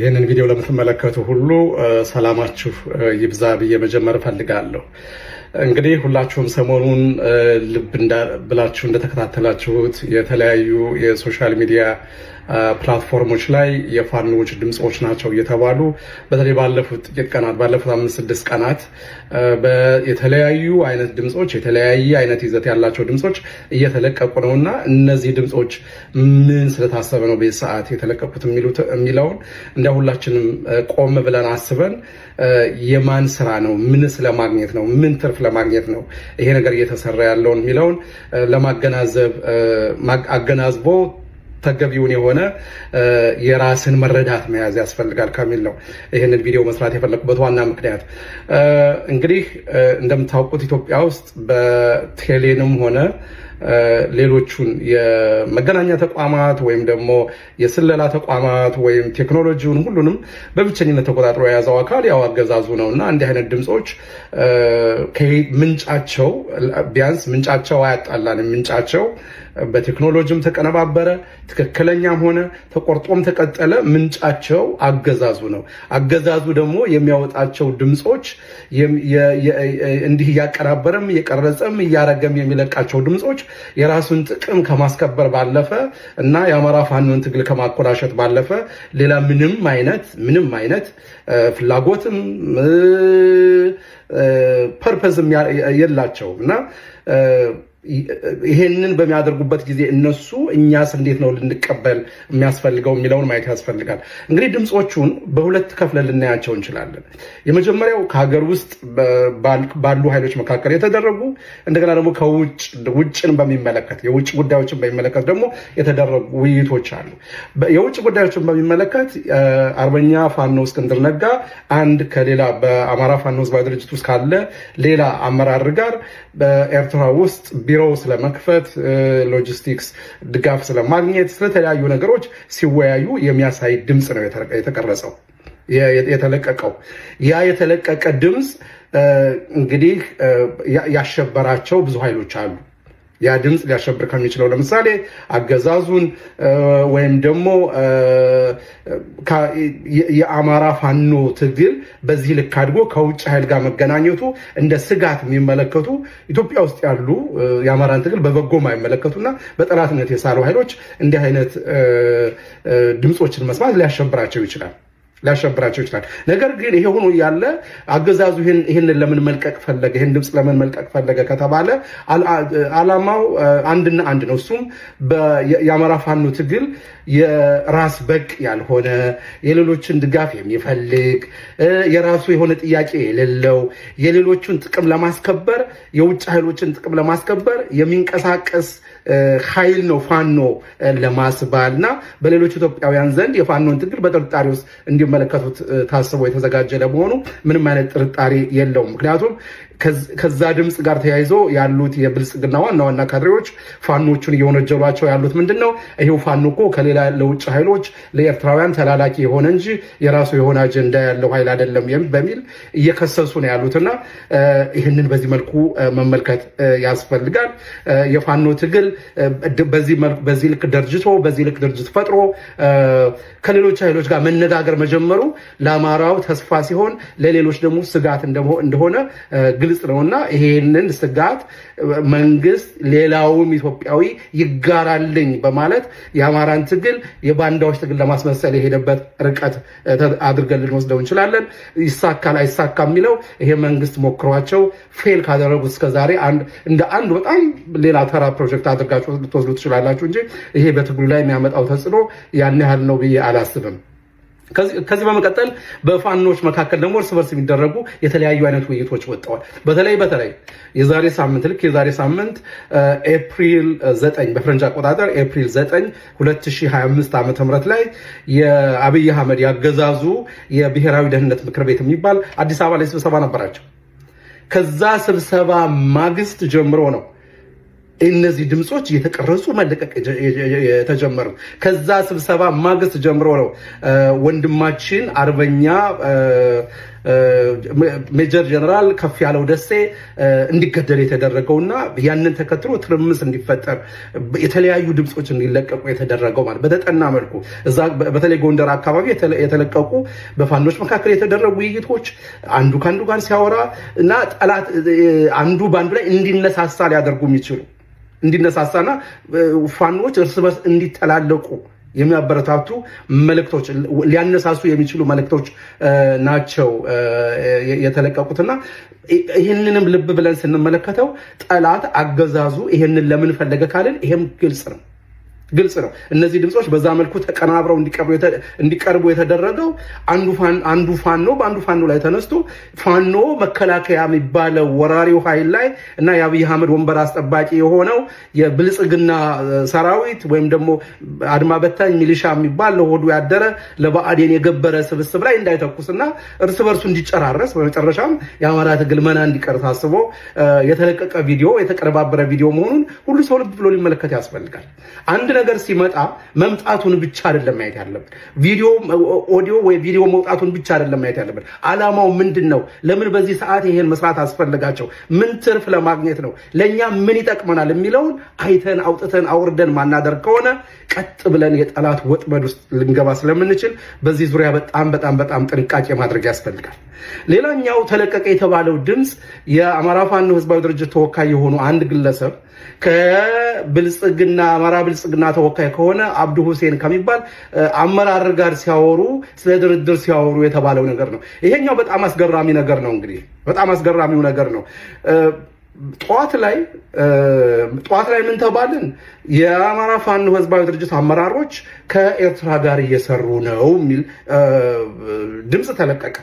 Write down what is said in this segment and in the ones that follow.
ይህንን ቪዲዮ ለምትመለከቱ ሁሉ ሰላማችሁ ይብዛ ብዬ መጀመር እፈልጋለሁ። እንግዲህ ሁላችሁም ሰሞኑን ልብ ብላችሁ እንደተከታተላችሁት የተለያዩ የሶሻል ሚዲያ ፕላትፎርሞች ላይ የፋኖዎች ድምፆች ናቸው እየተባሉ በተለይ ባለፉት ጥቂት ቀናት ባለፉት አምስት ስድስት ቀናት የተለያዩ አይነት ድምፆች የተለያየ አይነት ይዘት ያላቸው ድምፆች እየተለቀቁ ነው እና እነዚህ ድምፆች ምን ስለታሰበ ነው በዚህ ሰዓት የተለቀቁት የሚለውን እንደ ሁላችንም ቆም ብለን አስበን የማን ስራ ነው? ምንስ ለማግኘት ነው? ምን ትርፍ ለማግኘት ነው ይሄ ነገር እየተሰራ ያለውን የሚለውን ለማገናዘብ አገናዝቦ ተገቢውን የሆነ የራስን መረዳት መያዝ ያስፈልጋል ከሚል ነው ይህንን ቪዲዮ መስራት የፈለጉበት ዋና ምክንያት። እንግዲህ እንደምታውቁት ኢትዮጵያ ውስጥ በቴሌንም ሆነ ሌሎቹን የመገናኛ ተቋማት ወይም ደግሞ የስለላ ተቋማት ወይም ቴክኖሎጂውን ሁሉንም በብቸኝነት ተቆጣጥሮ የያዘው አካል ያው አገዛዙ ነው እና እንዲህ አይነት ድምፆች ምንጫቸው ቢያንስ ምንጫቸው አያጣላንም ምንጫቸው በቴክኖሎጂም ተቀነባበረ ትክክለኛም ሆነ ተቆርጦም ተቀጠለ። ምንጫቸው አገዛዙ ነው። አገዛዙ ደግሞ የሚያወጣቸው ድምፆች እንዲህ እያቀናበረም እየቀረጸም እያረገም የሚለቃቸው ድምፆች የራሱን ጥቅም ከማስከበር ባለፈ እና የአማራ ፋኖን ትግል ከማኮላሸት ባለፈ ሌላ ምንም አይነት ምንም አይነት ፍላጎትም ፐርፐዝም የላቸውም እና ይሄንን በሚያደርጉበት ጊዜ እነሱ እኛስ እንዴት ነው ልንቀበል የሚያስፈልገው የሚለውን ማየት ያስፈልጋል። እንግዲህ ድምፆቹን በሁለት ከፍለን ልናያቸው እንችላለን። የመጀመሪያው ከሀገር ውስጥ ባሉ ኃይሎች መካከል የተደረጉ እንደገና ደግሞ ከውጭ ውጭን በሚመለከት የውጭ ጉዳዮችን በሚመለከት ደግሞ የተደረጉ ውይይቶች አሉ። የውጭ ጉዳዮችን በሚመለከት አርበኛ ፋኖ እስክንድር ነጋ አንድ ከሌላ በአማራ ፋኖ ህዝባዊ ድርጅት ውስጥ ካለ ሌላ አመራር ጋር በኤርትራ ውስጥ ቢሮ ስለመክፈት፣ ሎጂስቲክስ ድጋፍ ስለማግኘት፣ ስለተለያዩ ነገሮች ሲወያዩ የሚያሳይ ድምፅ ነው የተቀረጸው የተለቀቀው። ያ የተለቀቀ ድምፅ እንግዲህ ያሸበራቸው ብዙ ኃይሎች አሉ። ያ ድምፅ ሊያሸብር ከሚችለው ለምሳሌ አገዛዙን ወይም ደግሞ የአማራ ፋኖ ትግል በዚህ ልክ አድጎ ከውጭ ኃይል ጋር መገናኘቱ እንደ ስጋት የሚመለከቱ ኢትዮጵያ ውስጥ ያሉ የአማራን ትግል በበጎ የማይመለከቱና በጠላትነት የሳሉ ኃይሎች እንዲህ አይነት ድምፆችን መስማት ሊያሸብራቸው ይችላል። ሊያሸብራቸው ይችላል። ነገር ግን ይሄ ሆኖ ያለ አገዛዙ ይህንን ለምን መልቀቅ ፈለገ? ይህን ድምፅ ለምን መልቀቅ ፈለገ ከተባለ አላማው አንድና አንድ ነው። እሱም የአማራ ፋኖ ትግል የራስ በቅ ያልሆነ የሌሎችን ድጋፍ የሚፈልግ የራሱ የሆነ ጥያቄ የሌለው የሌሎቹን ጥቅም ለማስከበር የውጭ ኃይሎችን ጥቅም ለማስከበር የሚንቀሳቀስ ኃይል ነው ፋኖ ለማስባል እና በሌሎች ኢትዮጵያውያን ዘንድ የፋኖን ትግል በጥርጣሬ ውስጥ እንዲመለከቱት ታስቦ የተዘጋጀ ለመሆኑ ምንም አይነት ጥርጣሬ የለውም። ምክንያቱም ከዛ ድምፅ ጋር ተያይዞ ያሉት የብልጽግና ዋና ዋና ካድሬዎች ፋኖቹን እየወነጀሏቸው ያሉት ምንድን ነው? ይሄው ፋኖ እኮ ከሌላ ለውጭ ኃይሎች ለኤርትራውያን ተላላኪ የሆነ እንጂ የራሱ የሆነ አጀንዳ ያለው ኃይል አይደለም በሚል እየከሰሱ ነው ያሉትና ይህንን በዚህ መልኩ መመልከት ያስፈልጋል። የፋኖ ትግል በዚህ ልክ ደርጅቶ በዚህ ልክ ድርጅት ፈጥሮ ከሌሎች ኃይሎች ጋር መነጋገር መጀመሩ ለአማራው ተስፋ ሲሆን፣ ለሌሎች ደግሞ ስጋት እንደሆነ ግልጽ ነውና ይሄንን ስጋት መንግስት ሌላውም ኢትዮጵያዊ ይጋራልኝ በማለት የአማራን ትግል የባንዳዎች ትግል ለማስመሰል የሄደበት ርቀት አድርገን ልንወስደው እንችላለን። ይሳካል አይሳካ የሚለው ይሄ መንግስት ሞክሯቸው ፌል ካደረጉት እስከዛሬ እንደ አንድ በጣም ሌላ ተራ ፕሮጀክት አድርጋችሁ ልትወስዱ ትችላላችሁ እንጂ ይሄ በትግሉ ላይ የሚያመጣው ተጽዕኖ ያን ያህል ነው ብዬ አላስብም። ከዚህ በመቀጠል በፋኖች መካከል ደግሞ እርስ በርስ የሚደረጉ የተለያዩ አይነት ውይይቶች ወጥተዋል። በተለይ በተለይ የዛሬ ሳምንት ልክ የዛሬ ሳምንት ኤፕሪል uh, 9 በፈረንጅ አቆጣጠር ኤፕሪል 9 2025 ዓ ም ላይ የአብይ አህመድ ያገዛዙ የብሔራዊ ደህንነት ምክር ቤት የሚባል አዲስ አበባ ላይ ስብሰባ ነበራቸው። ከዛ ስብሰባ ማግስት ጀምሮ ነው እነዚህ ድምፆች እየተቀረጹ መለቀቅ የተጀመረ ከዛ ስብሰባ ማግስት ጀምሮ ነው። ወንድማችን አርበኛ ሜጀር ጀነራል ከፍ ያለው ደሴ እንዲገደል የተደረገውና ያንን ተከትሎ ትርምስ እንዲፈጠር የተለያዩ ድምፆች እንዲለቀቁ የተደረገው ማለት በተጠና መልኩ እዛ በተለይ ጎንደር አካባቢ የተለቀቁ በፋኖች መካከል የተደረጉ ውይይቶች አንዱ ከአንዱ ጋር ሲያወራ እና ጠላት አንዱ በአንዱ ላይ እንዲነሳሳ ሊያደርጉ የሚችሉ እንዲነሳሳና ፋኖች እርስ በርስ እንዲተላለቁ የሚያበረታቱ መልእክቶች ሊያነሳሱ የሚችሉ መልእክቶች ናቸው የተለቀቁትና ይህንንም ልብ ብለን ስንመለከተው ጠላት አገዛዙ ይህንን ለምን ፈለገ ካልን ይሄም ግልጽ ነው። ግልጽ ነው። እነዚህ ድምፆች በዛ መልኩ ተቀናብረው እንዲቀርቡ የተደረገው አንዱ ፋኖ በአንዱ ፋኖ ላይ ተነስቶ ፋኖ መከላከያ የሚባለው ወራሪው ኃይል ላይ እና የአብይ አህመድ ወንበር አስጠባቂ የሆነው የብልጽግና ሰራዊት ወይም ደግሞ አድማ በታኝ ሚሊሻ የሚባል ለሆዱ ያደረ ለብአዴን የገበረ ስብስብ ላይ እንዳይተኩስና እርስ በርሱ እንዲጨራረስ በመጨረሻም የአማራ ትግል መና እንዲቀር ታስቦ የተለቀቀ ቪዲዮ የተቀነባበረ ቪዲዮ መሆኑን ሁሉ ሰው ልብ ብሎ ሊመለከት ያስፈልጋል። አንድ ነገር ሲመጣ መምጣቱን ብቻ አይደለም ማየት ያለብን። ቪዲዮ ኦዲዮ ወይ ቪዲዮ መውጣቱን ብቻ አይደለም ማየት ያለብን። አላማው ምንድን ነው? ለምን በዚህ ሰዓት ይሄን መስራት አስፈልጋቸው? ምን ትርፍ ለማግኘት ነው? ለእኛ ምን ይጠቅመናል? የሚለውን አይተን አውጥተን አውርደን ማናደር ከሆነ ቀጥ ብለን የጠላት ወጥመድ ውስጥ ልንገባ ስለምንችል በዚህ ዙሪያ በጣም በጣም በጣም ጥንቃቄ ማድረግ ያስፈልጋል። ሌላኛው ተለቀቀ የተባለው ድምፅ የአማራ ፋኖ ህዝባዊ ድርጅት ተወካይ የሆኑ አንድ ግለሰብ ከብልጽግና አማራ ብልጽግና ዋና ተወካይ ከሆነ አብዱ ሁሴን ከሚባል አመራር ጋር ሲያወሩ ስለ ድርድር ሲያወሩ የተባለው ነገር ነው። ይሄኛው በጣም አስገራሚ ነገር ነው። እንግዲህ በጣም አስገራሚው ነገር ነው። ጠዋት ላይ ጠዋት ላይ ምን ተባልን? የአማራ ፋኖ ህዝባዊ ድርጅት አመራሮች ከኤርትራ ጋር እየሰሩ ነው የሚል ድምፅ ተለቀቀ።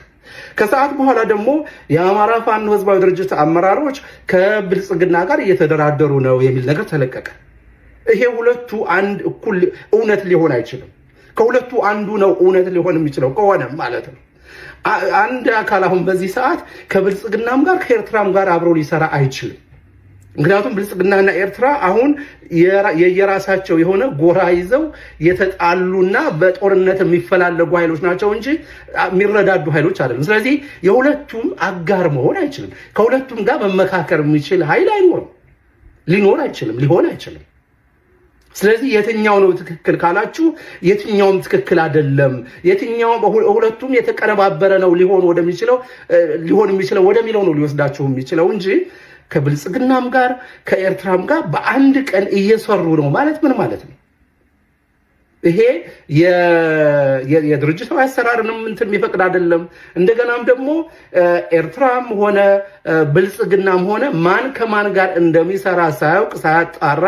ከሰዓት በኋላ ደግሞ የአማራ ፋኖ ህዝባዊ ድርጅት አመራሮች ከብልጽግና ጋር እየተደራደሩ ነው የሚል ነገር ተለቀቀ። ይሄ ሁለቱ አንድ እኩል እውነት ሊሆን አይችልም። ከሁለቱ አንዱ ነው እውነት ሊሆን የሚችለው ከሆነም ማለት ነው። አንድ አካል አሁን በዚህ ሰዓት ከብልጽግናም ጋር ከኤርትራም ጋር አብሮ ሊሰራ አይችልም። ምክንያቱም ብልጽግናና ኤርትራ አሁን የየራሳቸው የሆነ ጎራ ይዘው የተጣሉና በጦርነት የሚፈላለጉ ኃይሎች ናቸው እንጂ የሚረዳዱ ኃይሎች አይደሉም። ስለዚህ የሁለቱም አጋር መሆን አይችልም። ከሁለቱም ጋር መመካከር የሚችል ኃይል አይኖርም። ሊኖር አይችልም። ሊሆን አይችልም። ስለዚህ የትኛው ነው ትክክል ካላችሁ የትኛውም ትክክል አይደለም፣ የትኛውም ሁለቱም የተቀነባበረ ነው ሊሆን ወደሚችለው ሊሆን የሚችለው ወደሚለው ነው ሊወስዳችሁ የሚችለው እንጂ ከብልጽግናም ጋር ከኤርትራም ጋር በአንድ ቀን እየሰሩ ነው ማለት ምን ማለት ነው? ይሄ የድርጅታዊ አሰራርንም እንትን የሚፈቅድ አይደለም። እንደገናም ደግሞ ኤርትራም ሆነ ብልጽግናም ሆነ ማን ከማን ጋር እንደሚሰራ ሳያውቅ ሳያጣራ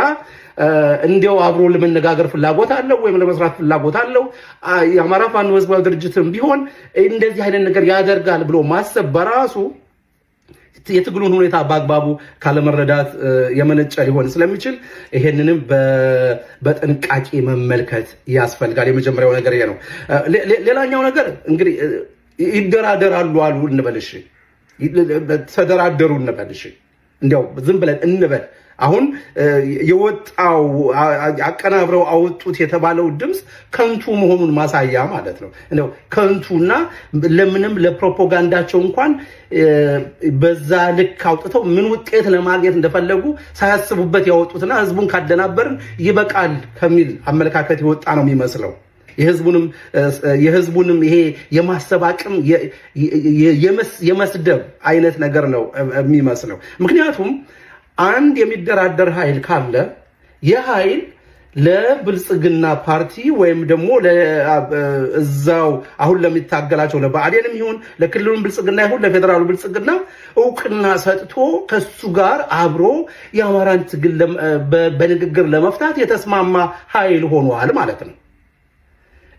እንዲያው አብሮ ለመነጋገር ፍላጎት አለው ወይም ለመስራት ፍላጎት አለው። የአማራ ፋኖ ህዝባዊ ድርጅትም ቢሆን እንደዚህ አይነት ነገር ያደርጋል ብሎ ማሰብ በራሱ የትግሉን ሁኔታ በአግባቡ ካለመረዳት የመነጨ ሊሆን ስለሚችል ይሄንንም በጥንቃቄ መመልከት ያስፈልጋል። የመጀመሪያው ነገር ይሄ ነው። ሌላኛው ነገር እንግዲህ ይደራደራሉ አሉ እንበልሽ፣ ተደራደሩ እንበልሽ፣ እንዲያው ዝም ብለን እንበል አሁን የወጣው አቀናብረው አወጡት የተባለው ድምፅ ከንቱ መሆኑን ማሳያ ማለት ነው። እንደው ከንቱና ለምንም ለፕሮፓጋንዳቸው እንኳን በዛ ልክ አውጥተው ምን ውጤት ለማግኘት እንደፈለጉ ሳያስቡበት ያወጡትና ህዝቡን ካደናበርን ይበቃል ከሚል አመለካከት የወጣ ነው የሚመስለው። የህዝቡንም ይሄ የማሰብ አቅም የመስደብ አይነት ነገር ነው የሚመስለው ምክንያቱም አንድ የሚደራደር ኃይል ካለ ይህ ኃይል ለብልጽግና ፓርቲ ወይም ደግሞ እዛው አሁን ለሚታገላቸው ለብአዴንም ይሁን ለክልሉን ብልጽግና ይሁን ለፌዴራሉ ብልጽግና እውቅና ሰጥቶ ከሱ ጋር አብሮ የአማራን ትግል በንግግር ለመፍታት የተስማማ ኃይል ሆኗል ማለት ነው።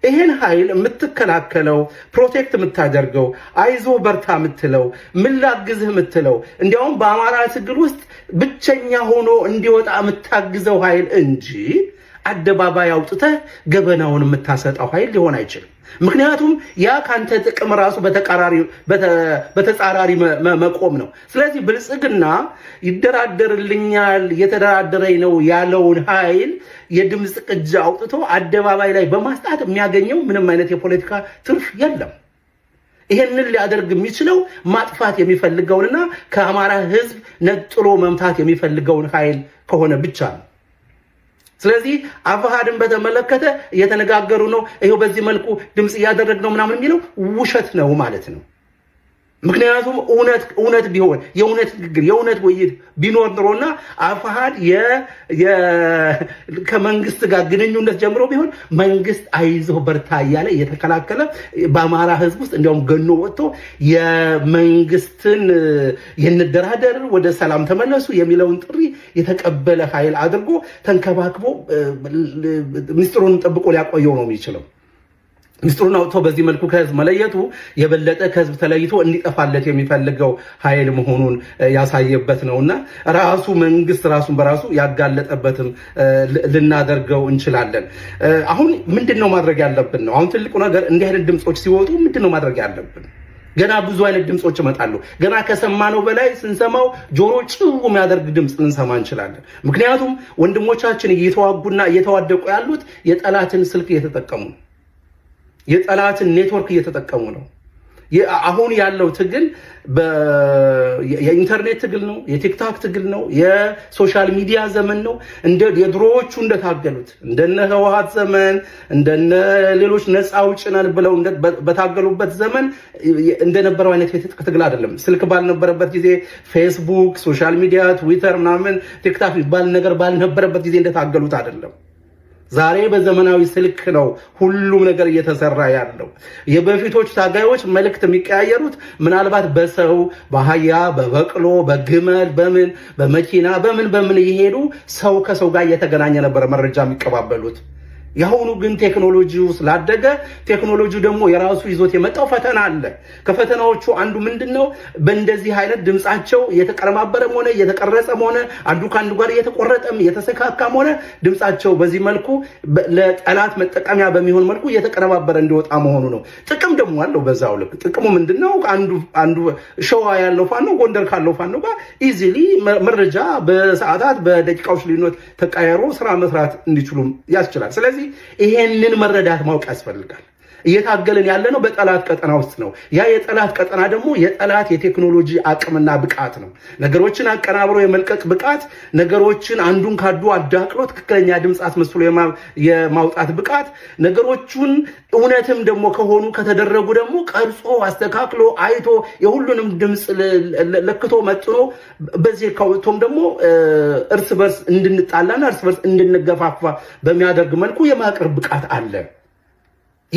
ይሄን ኃይል የምትከላከለው ፕሮቴክት የምታደርገው አይዞ በርታ የምትለው ምን ላግዝህ የምትለው እንዲያውም በአማራ ትግል ውስጥ ብቸኛ ሆኖ እንዲወጣ የምታግዘው ኃይል እንጂ አደባባይ አውጥተህ ገበናውን የምታሰጠው ኃይል ሊሆን አይችልም። ምክንያቱም ያ ከአንተ ጥቅም ራሱ በተጻራሪ መቆም ነው። ስለዚህ ብልጽግና ይደራደርልኛል የተደራደረኝ ነው ያለውን ኃይል የድምፅ ቅጅ አውጥቶ አደባባይ ላይ በማስጣት የሚያገኘው ምንም አይነት የፖለቲካ ትርፍ የለም። ይሄንን ሊያደርግ የሚችለው ማጥፋት የሚፈልገውንና ከአማራ ሕዝብ ነጥሎ መምታት የሚፈልገውን ኃይል ከሆነ ብቻ ነው። ስለዚህ አፋሃድን በተመለከተ እየተነጋገሩ ነው፣ ይው በዚህ መልኩ ድምፅ እያደረግ ነው ምናምን የሚለው ውሸት ነው ማለት ነው። ምክንያቱም እውነት ቢሆን የእውነት ንግግር የእውነት ውይይት ቢኖር ኖሮና አፋሃድ ከመንግስት ጋር ግንኙነት ጀምሮ ቢሆን መንግስት አይዞህ በርታ እያለ እየተከላከለ በአማራ ህዝብ ውስጥ እንዲያውም ገኖ ወጥቶ የመንግስትን የንደራደር ወደ ሰላም ተመለሱ የሚለውን ጥሪ የተቀበለ ኃይል አድርጎ ተንከባክቦ ምስጢሩን ጠብቆ ሊያቆየው ነው የሚችለው። ሚስጥሩን አውጥቶ በዚህ መልኩ ከህዝብ መለየቱ የበለጠ ከህዝብ ተለይቶ እንዲጠፋለት የሚፈልገው ኃይል መሆኑን ያሳየበት እና ራሱ መንግስት ራሱን በራሱ ያጋለጠበትም ልናደርገው እንችላለን። አሁን ምንድን ነው ማድረግ ያለብን ነው። አሁን ትልቁ ነገር እንዲህ አይነት ድምፆች ሲወጡ ምንድን ነው ማድረግ ያለብን? ገና ብዙ አይነት ድምፆች ይመጣሉ። ገና ከሰማነው በላይ ስንሰማው ጆሮ ጭው የሚያደርግ ድምፅ ልንሰማ እንችላለን። ምክንያቱም ወንድሞቻችን እየተዋጉና እየተዋደቁ ያሉት የጠላትን ስልክ እየተጠቀሙ ነው። የጠላትን ኔትወርክ እየተጠቀሙ ነው። አሁን ያለው ትግል የኢንተርኔት ትግል ነው፣ የቲክታክ ትግል ነው፣ የሶሻል ሚዲያ ዘመን ነው። የድሮዎቹ እንደታገሉት እንደነ ህወሓት ዘመን እንደነ ሌሎች ነፃ አውጪ ነን ብለው በታገሉበት ዘመን እንደነበረው አይነት የትጥቅ ትግል አይደለም። ስልክ ባልነበረበት ጊዜ ፌስቡክ፣ ሶሻል ሚዲያ፣ ትዊተር ምናምን ቲክታክ ባል ነገር ባልነበረበት ጊዜ እንደታገሉት አይደለም። ዛሬ በዘመናዊ ስልክ ነው ሁሉም ነገር እየተሰራ ያለው። የበፊቶች ታጋዮች መልእክት የሚቀያየሩት ምናልባት በሰው በአህያ በበቅሎ በግመል በምን በመኪና በምን በምን እየሄዱ ሰው ከሰው ጋር እየተገናኘ ነበር መረጃ የሚቀባበሉት። የአሁኑ ግን ቴክኖሎጂው ስላደገ ቴክኖሎጂው ደግሞ የራሱ ይዞት የመጣው ፈተና አለ። ከፈተናዎቹ አንዱ ምንድን ነው? በእንደዚህ አይነት ድምፃቸው እየተቀረማበረም ሆነ እየተቀረጸም ሆነ አንዱ ከአንዱ ጋር እየተቆረጠም እየተሰካካም ሆነ ድምፃቸው በዚህ መልኩ ለጠላት መጠቀሚያ በሚሆን መልኩ እየተቀነባበረ እንዲወጣ መሆኑ ነው። ጥቅም ደግሞ አለው በዛው ልክ። ጥቅሙ ምንድን ነው? አንዱ ሸዋ ያለው ፋኖ ጎንደር ካለው ፋኖ ጋር ኢዚሊ መረጃ በሰዓታት በደቂቃዎች ልዩነት ተቀያይሮ ስራ መስራት እንዲችሉም ያስችላል። ስለዚህ ስለዚህ ይሄንን መረዳት ማወቅ ያስፈልጋል። እየታገልን ያለነው በጠላት ቀጠና ውስጥ ነው። ያ የጠላት ቀጠና ደግሞ የጠላት የቴክኖሎጂ አቅምና ብቃት ነው። ነገሮችን አቀናብሮ የመልቀቅ ብቃት፣ ነገሮችን አንዱን ካዱ አዳቅሎ ትክክለኛ ድምፅ አስመስሎ የማውጣት ብቃት፣ ነገሮቹን እውነትም ደግሞ ከሆኑ ከተደረጉ ደግሞ ቀርጾ አስተካክሎ አይቶ የሁሉንም ድምፅ ለክቶ መጥኖ በዚህ ከቶም ደግሞ እርስ በርስ እንድንጣላና እርስ በርስ እንድንገፋፋ በሚያደርግ መልኩ የማቅረብ ብቃት አለ።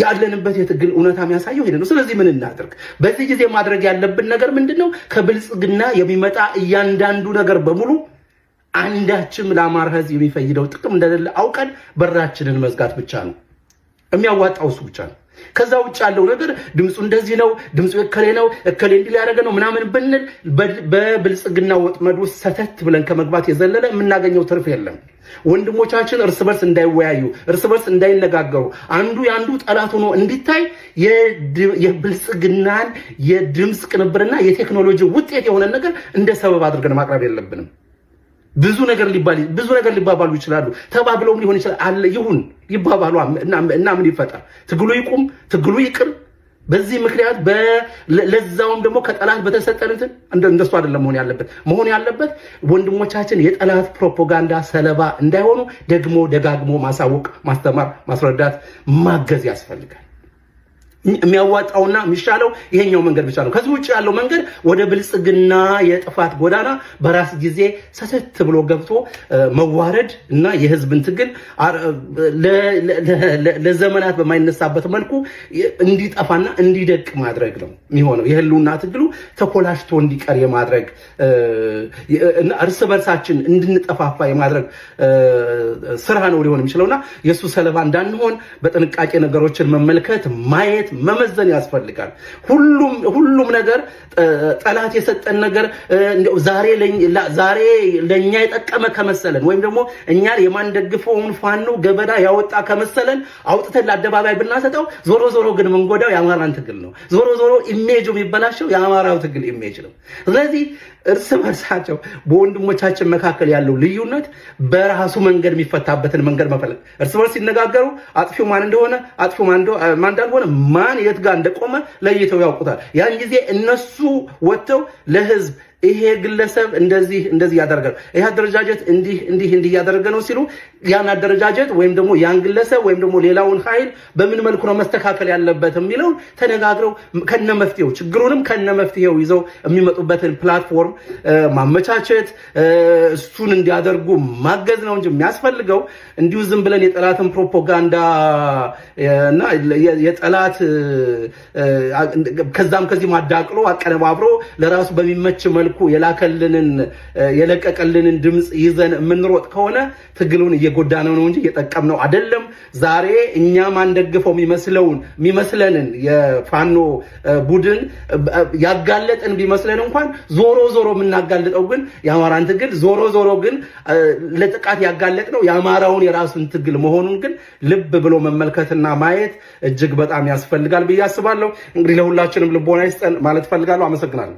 ያለንበት የትግል እውነታ የሚያሳየው ይሄ ነው። ስለዚህ ምን እናድርግ? በዚህ ጊዜ ማድረግ ያለብን ነገር ምንድን ነው? ከብልጽግና የሚመጣ እያንዳንዱ ነገር በሙሉ አንዳችም ለአማራ ሕዝብ የሚፈይደው ጥቅም እንደሌለ አውቀን በራችንን መዝጋት ብቻ ነው የሚያዋጣው፣ እሱ ብቻ ነው። ከዛ ውጭ ያለው ነገር ድምፁ እንደዚህ ነው፣ ድምፁ እከሌ ነው፣ እከሌ እንዲህ ሊያደርገ ነው ምናምን ብንል በብልጽግና ወጥመድ ውስጥ ሰተት ብለን ከመግባት የዘለለ የምናገኘው ትርፍ የለም። ወንድሞቻችን እርስ በርስ እንዳይወያዩ፣ እርስ በርስ እንዳይነጋገሩ፣ አንዱ የአንዱ ጠላት ሆኖ እንዲታይ የብልጽግናን የድምፅ ቅንብርና የቴክኖሎጂ ውጤት የሆነ ነገር እንደ ሰበብ አድርገን ማቅረብ የለብንም። ብዙ ነገር ብዙ ነገር ሊባባሉ ይችላሉ። ተባብለውም ሊሆን ይችላል አለ ይሁን ይባባሉ እና ምን ይፈጠር? ትግሉ ይቁም፣ ትግሉ ይቅር በዚህ ምክንያት ለዛውም ደግሞ ከጠላት በተሰጠን እንደሱ አይደለም መሆን ያለበት። መሆን ያለበት ወንድሞቻችን የጠላት ፕሮፓጋንዳ ሰለባ እንዳይሆኑ ደግሞ ደጋግሞ ማሳወቅ፣ ማስተማር፣ ማስረዳት፣ ማገዝ ያስፈልጋል። የሚያዋጣውና የሚሻለው ይሄኛው መንገድ ብቻ ነው። ከዚህ ውጭ ያለው መንገድ ወደ ብልጽግና የጥፋት ጎዳና በራስ ጊዜ ሰተት ብሎ ገብቶ መዋረድ እና የህዝብን ትግል ለዘመናት በማይነሳበት መልኩ እንዲጠፋና እንዲደቅ ማድረግ ነው የሚሆነው። የህልውና ትግሉ ተኮላሽቶ እንዲቀር የማድረግ እርስ በርሳችን እንድንጠፋፋ የማድረግ ስራ ነው ሊሆን የሚችለውና የእሱ ሰለባ እንዳንሆን በጥንቃቄ ነገሮችን መመልከት ማየት መመዘን ያስፈልጋል። ሁሉም ሁሉም ነገር ጠላት የሰጠን ነገር ዛሬ ዛሬ ለእኛ የጠቀመ ከመሰለን ወይም ደግሞ እኛ የማንደግፈውን ፋኖ ገበዳ ያወጣ ከመሰለን አውጥተን ለአደባባይ ብናሰጠው ዞሮ ዞሮ ግን መንጎዳው የአማራን ትግል ነው። ዞሮ ዞሮ ኢሜጅ የሚበላሸው የአማራው ትግል ኢሜጅ ነው። ስለዚህ እርስ በርሳቸው በወንድሞቻችን መካከል ያለው ልዩነት በራሱ መንገድ የሚፈታበትን መንገድ መፈለግ፣ እርስ በርስ ሲነጋገሩ አጥፊው ማን እንደሆነ አጥፊው ማን እንዳልሆነ ማን የት ጋር እንደቆመ ለይተው ያውቁታል። ያን ጊዜ እነሱ ወጥተው ለህዝብ ይሄ ግለሰብ እንደዚህ እንደዚህ ያደረገ ነው፣ ይህ አደረጃጀት እንዲህ እንዲህ እንዲህ ያደረገ ነው ሲሉ ያን አደረጃጀት ወይም ደግሞ ያን ግለሰብ ወይም ደግሞ ሌላውን ኃይል በምን መልኩ ነው መስተካከል ያለበት የሚለው ተነጋግረው ከነ መፍትሄው ችግሩንም ከነ መፍትሄው ይዘው የሚመጡበትን ፕላትፎርም ማመቻቸት እሱን እንዲያደርጉ ማገዝ ነው እንጂ የሚያስፈልገው እንዲሁ ዝም ብለን የጠላትን ፕሮፓጋንዳ እና የጠላት ከዛም ከዚህ ማዳቅሎ አቀነባብሮ ለራሱ በሚመች መልኩ መልኩ የላከልንን የለቀቀልንን ድምፅ ይዘን የምንሮጥ ከሆነ ትግሉን እየጎዳነው ነው እንጂ እየጠቀምነው አይደለም። ዛሬ እኛ ማንደግፈው የሚመስለውን የሚመስለንን የፋኖ ቡድን ያጋለጥን ቢመስለን እንኳን ዞሮ ዞሮ የምናጋልጠው ግን የአማራን ትግል ዞሮ ዞሮ ግን ለጥቃት ያጋለጥ ነው የአማራውን የራሱን ትግል መሆኑን ግን ልብ ብሎ መመልከትና ማየት እጅግ በጣም ያስፈልጋል ብዬ አስባለሁ። እንግዲህ ለሁላችንም ልቦና ይስጠን ማለት እፈልጋለሁ። አመሰግናለሁ።